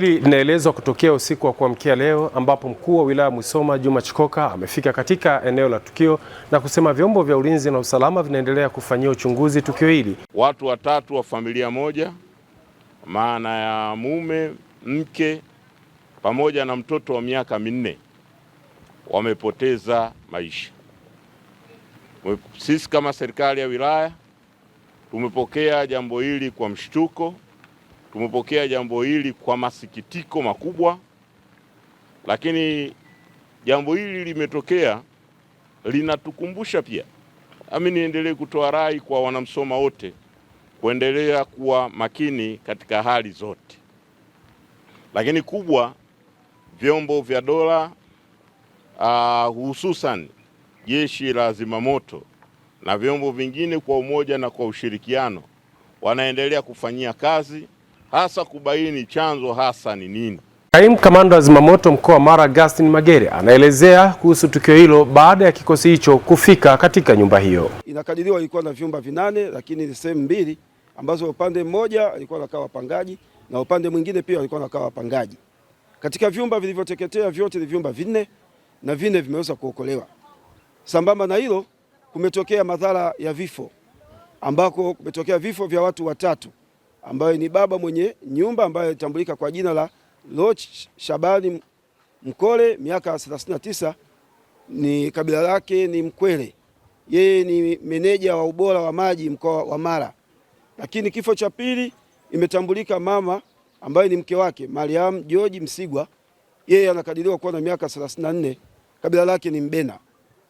hili linaelezwa kutokea usiku wa kuamkia leo ambapo mkuu wa wilaya Musoma Juma Chikoka amefika katika eneo la tukio na kusema vyombo vya ulinzi na usalama vinaendelea kufanyia uchunguzi tukio hili. Watu watatu wa familia moja, maana ya mume, mke pamoja na mtoto wa miaka minne wamepoteza maisha. Sisi kama serikali ya wilaya tumepokea jambo hili kwa mshtuko Tumepokea jambo hili kwa masikitiko makubwa, lakini jambo hili limetokea, linatukumbusha pia. Ami, niendelee kutoa rai kwa wanamsoma wote kuendelea kuwa makini katika hali zote, lakini kubwa, vyombo vya dola uh, hususan jeshi la zimamoto na vyombo vingine kwa umoja na kwa ushirikiano wanaendelea kufanyia kazi hasa kubaini chanzo hasa ni nini. Kaimu kamanda wa zimamoto mkoa wa Mara gastin Magere anaelezea kuhusu tukio hilo baada ya kikosi hicho kufika katika nyumba hiyo. Inakadiriwa ilikuwa na vyumba vinane, lakini ni sehemu mbili ambazo upande mmoja alikuwa anakaa wapangaji na upande mwingine pia alikuwa anakaa wapangaji. Katika vyumba vilivyoteketea vyote ni vyumba vinne na vinne vimeweza kuokolewa. Sambamba na hilo, kumetokea madhara ya vifo ambako kumetokea vifo vya watu watatu ambaye ni baba mwenye nyumba ambaye alitambulika kwa jina la Loch Shabani Mkole, miaka 39, ni kabila lake ni Mkwele. Yeye ni meneja wa ubora wa maji mkoa wa Mara. Lakini kifo cha pili imetambulika mama ambaye ni mke wake Mariam George Msigwa, yeye anakadiriwa kuwa na miaka 34, kabila lake ni Mbena.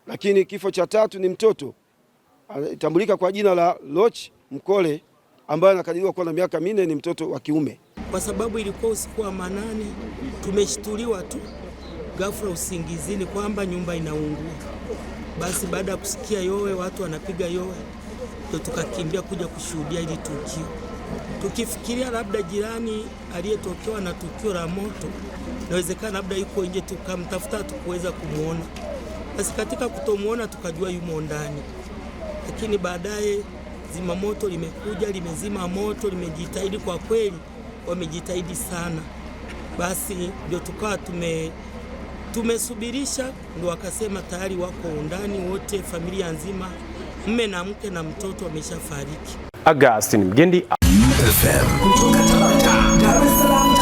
Lakini kifo cha tatu ni mtoto alitambulika kwa jina la Loch Mkole ambaye anakadiriwa kuwa na miaka minne ni mtoto wa kiume. Kwa sababu ilikuwa usiku wa manane, tumeshtuliwa tu ghafla usingizini kwamba nyumba inaungua. Basi baada ya kusikia yowe, watu wanapiga yowe, ndio tukakimbia kuja kushuhudia ili tukio, tukifikiria labda jirani aliyetokewa na tukio la moto, inawezekana labda yuko nje, tukamtafuta tukuweza kumwona. Basi katika kutomwona, tukajua yumo ndani, lakini baadaye zimamoto limekuja limezima moto, limejitahidi kwa kweli, wamejitahidi sana. Basi ndio tukawa tume tumesubirisha, ndio wakasema tayari wako undani wote, familia nzima, mme na mke na mtoto wameshafariki. Agustin Mgendi FM kutoka Tabata, Dar es Salaam.